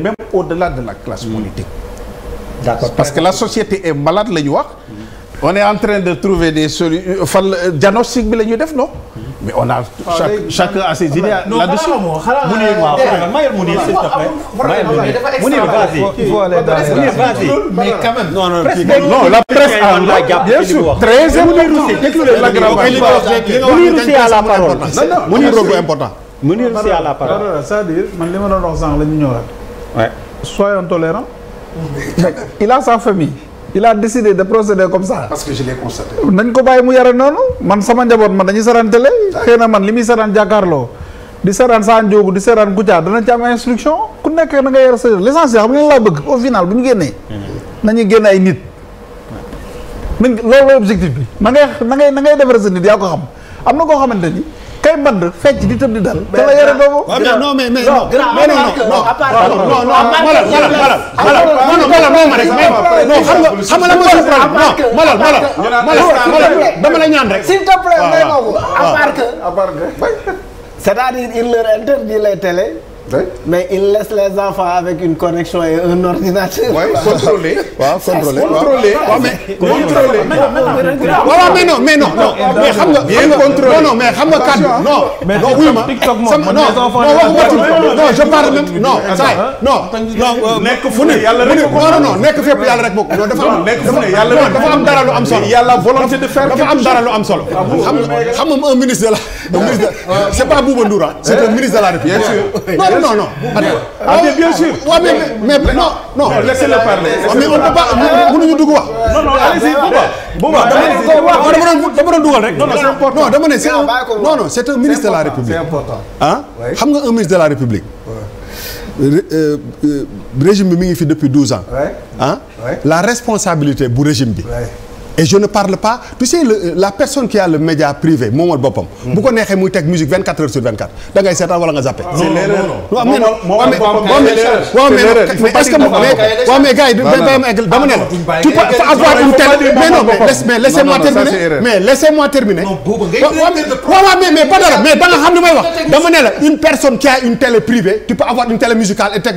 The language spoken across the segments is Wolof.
même au-delà de la classe mm. politique. parce que la société est malade la ñu wax. Mm. on est en train de trouver des solutions euh, fan euh, diagnostic bi la ñuy def non. Mm. mais on a. Ah, chacun ah, euh, a ses idées la presse en a bien sûr important. Mounir aussi a la man li ma la ñu ñëwaat. Ouais. Soyons tolérants. il a sa famille. il a décidé de procéder comme ça. parce que je nañ ko bàyyi mu yare noonu man sama njaboot man dañuy saraan télé. xëy man li muy saraan jàkkaarloo. di saraan saa njóogu di saraan Kouthia dana ci am instruction ku nekk na nga sa l' essentiel xam nga laa bëgg au final bu ñu génnee. Mm-hmm. nañu génne ay nit. nañ loolu la objectif bi. na ngay na ngay na ngay defar sa nit yaa ko xam am na koo xamante ni. kay mband fecc di tëb di dal. te la yore boobu. non mais mais non. non non malal malal malal malal moom rek non xam nga malal malal dama la ñaan rek. s'il te plaît may ma ko à part que c'est-à-dire il leur interdit les télé oui mais il laisse les enfants avec une connexion et un ordinateur. oui contrôler. waaw contrôler contrôler. waaw mais contrôler. waaw mais non mais non. non mais xam nga. bien contrôler non non mais xam nga kaddu. non non wuyu ma sama non non non je parle même non saa euh, non. non nekk fu ne yàlla rek non non nekk fépp yàlla rek bokk. non dafa am dafa am dara lu am solo. yàlla volonté de faire dafa am dara lu am solo. Ah, xam nga xam nga un ministre de la. un ministre c'est pas Bouba Ndour c'est le eh, ministre de la République. non non. ah bien ah, sûr. waaw mais mais non non. laissez-le parler. mais on ne peut pas mënuñu dugg wax. non non allez-y Bouba. Ah, Bouba ah, dama doon dugal rek. non non dama ne c'est un non non c'est un ministre de la République. c'est important ah xam nga un ministre de la République. Euh, euh, régime bi mi ngi fi depuis douze ans. ah la responsabilité bu régime bi. et je ne parle pas tu sais la personne qui a le média privé moomal boppam. Hmm. bu neexee muy teg musique 24 heures sur 24 da ngay seetaan wala nga zappé. non non non moomal moomal mais est que mais gars yi dama ne la. tu peux avoir une telle mais non mais laissez-moi terminer mais laissez-moi terminer. mais mais pas dara mais da nga xam may wax dama une personne qui a une télé tu peux avoir une télé musicale et teg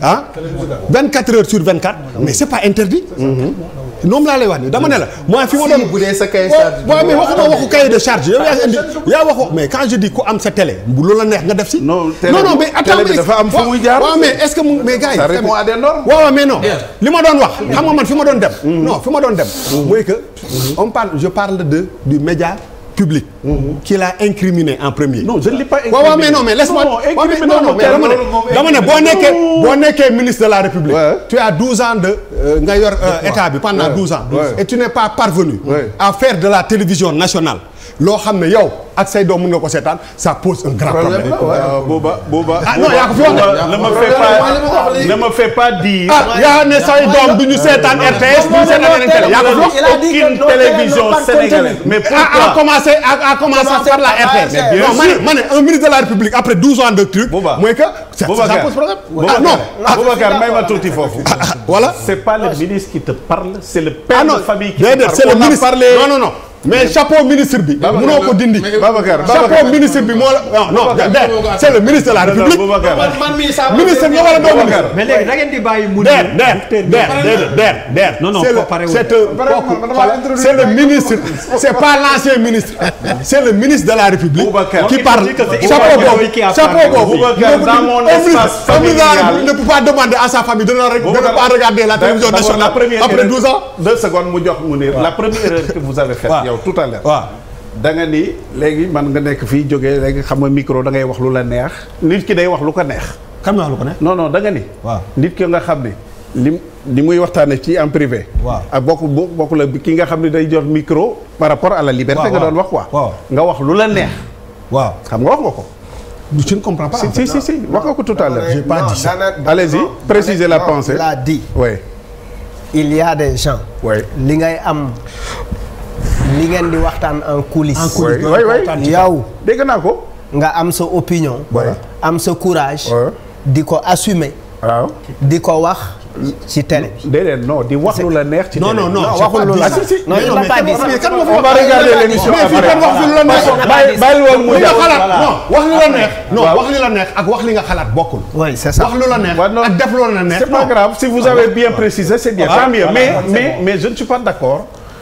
ah 24 heures sur 24 mais c'est pas interdit. noom laa lay wax nii dama ne la moi fi ma doon bu dee charge waaw mais waxuma waxu cahier de charge yow yaa ah, indi mais quand je dis ku am sa télé bu loolu la neex nga def si. no non mais attends dafa am fu muy jaar waaw mais est-ce que mais gars yi. ça mais non. li ma doon wax xam nga man fi ma doon dem. Mm-hmm. non fi ma doon dem. Mm-hmm. mooy que on parle je parle de du média. public. Mhm. qu'il a incriminé en premier. non je ne mais non mais laisse-moi. non mais dama ne boo nekkee boo nekkee ministre de la République. tu as 12 ans de euh, nga euh, état bi pendant 12 ans. et tu n'es pas parvenu. à de la télévision nationale. loo xam ne yow ak say doom mën nga ko seetaan sa pose un grand problème. Euh, booba booba. ah non yaa ko fi wax ne. ne me fais pas ne me fais pas dire. ah yaa ne say doom du ñu seetaan RTS du ñu seetaan yeneen télé yaa ko fi wax. aucune télévision sénégalaise. mais a commencé a commencé par la RTS. mais ma ne un ministre de la République après 12 ans de truc. booba que ça pose problème. ah non ah Boubacar may tuuti foofu. Ah, ah, voilà c'est pas le ah, ministre qui te parle c'est le père de famille qui te parle. non non. mais chapeau ministre bi. munoo ko dindi. Babacar bi moo la. non non c' est le ministre de la République. ministre nga war a doon ministre. mais léegi da der der le ministre c' pas l' ministre. c' le ministre de la République. qui parle chapeau boobu chapeau boobu. ne peut pas demander à sa famille de ne pas regarder la télévision nationale après 12 ans. yow tout à l'heure waaw ni léegi man nga nekk fii jóge léegi xam nga micro da ngay wax lu la neex nit ki day wax lu ko neex xam nga wax lu ko neex non non da ni waaw nit ki nga xam ni li li muy waxtaane ci en privé waaw ak bokk bokk la ki nga xam ne day jot micro par rapport à la liberté nga doon wax quoi nga wax lu la neex waaw xam nga wax nga ko tu ne comprends pas si si si si wax nga ko tout à l'heure j'ai la pensée l'a dit oui il y a des gens ngay am li ngeen di waxtaan en coulisses. en coulisses oui oui yow. dégg naa ko. nga am sa opinion. am sa courage. di ko assumer. di ko wax. ci télé. déedéet non di wax lu la neex. ci télé non waxul lu la neex. non il n'a pas dit ça on va wax li la neex. non ak wax li nga xalaat bokkul. oui c'est ça wax lu la neex ak def lu la neex. c'est pas grave si vous avez bien précisé c'est bien. Ah, tant mais je ne suis pas d'accord.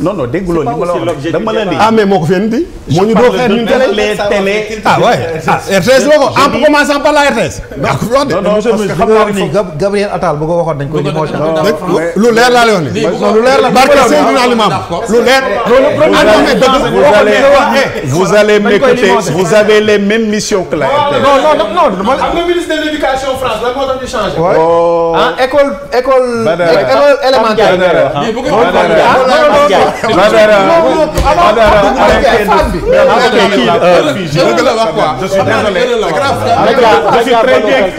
non non dégguloo li ma la wax dama leen di. ah mais moo ko fi indi. moo ñu doo xeet ñun télé ah waay RTS la ko en commençant par la RTS. non non monsieur monsieur xam naa ni Gabriel Attal bu ko waxoon dañ ko limogé. lu leer laa lay wax nii. lu leer la barke Seydina Limam lu leer. vous allez m'écouter vous avez les mêmes missions que la RTS. non non non am na ministre de l'éducation France lan moo tax ñu changé. ah école école élémentaire.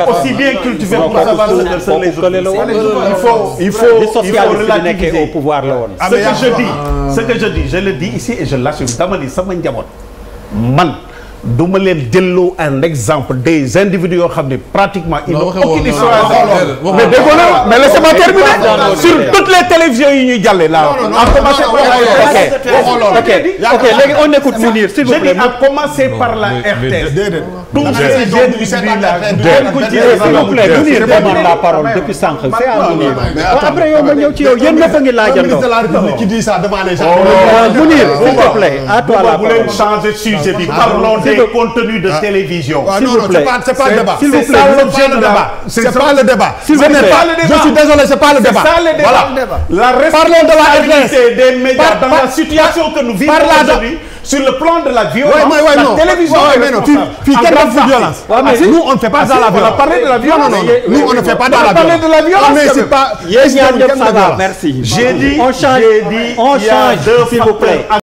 aussi bien cultivé pour savoir il faut il faut relativiser au pouvoir la woon ce que je dis ce que je dis je le dis ici et je l'assume dama ni sama njaboot man du ma leen un exemple des individus yoo xam ne pratiquement. ils n'ont aucune histoire mais déggoo na mais laissez-moi terminer sur toutes les télévisions yi ñuy jàlle là. en ah, commencer ok ok on écoute Mounir s'il vous plaît. commencer par la RTS. déedéet tous ces individus là kenn ku ci s'il vous plaît la parole depuis sànq c'est à Mounir après yow nga ñëw ci yow yéen a oh, toi la parole. bu leen changer des ah. ah, je suis désolé c'est pas le débat. voilà la responsabilité des médias dans la situation que nous vivons aujourd'hui sur le plan de la violence. oui oui oui non la télévision est violence. nous on ne fait pas dans ah, la violence. nous on ne fait pas dans la violence. de la violence mais c'est pas. yéen ñaar ñëpp ça va merci. j'ai dit j'ai dit il y a deux facteurs.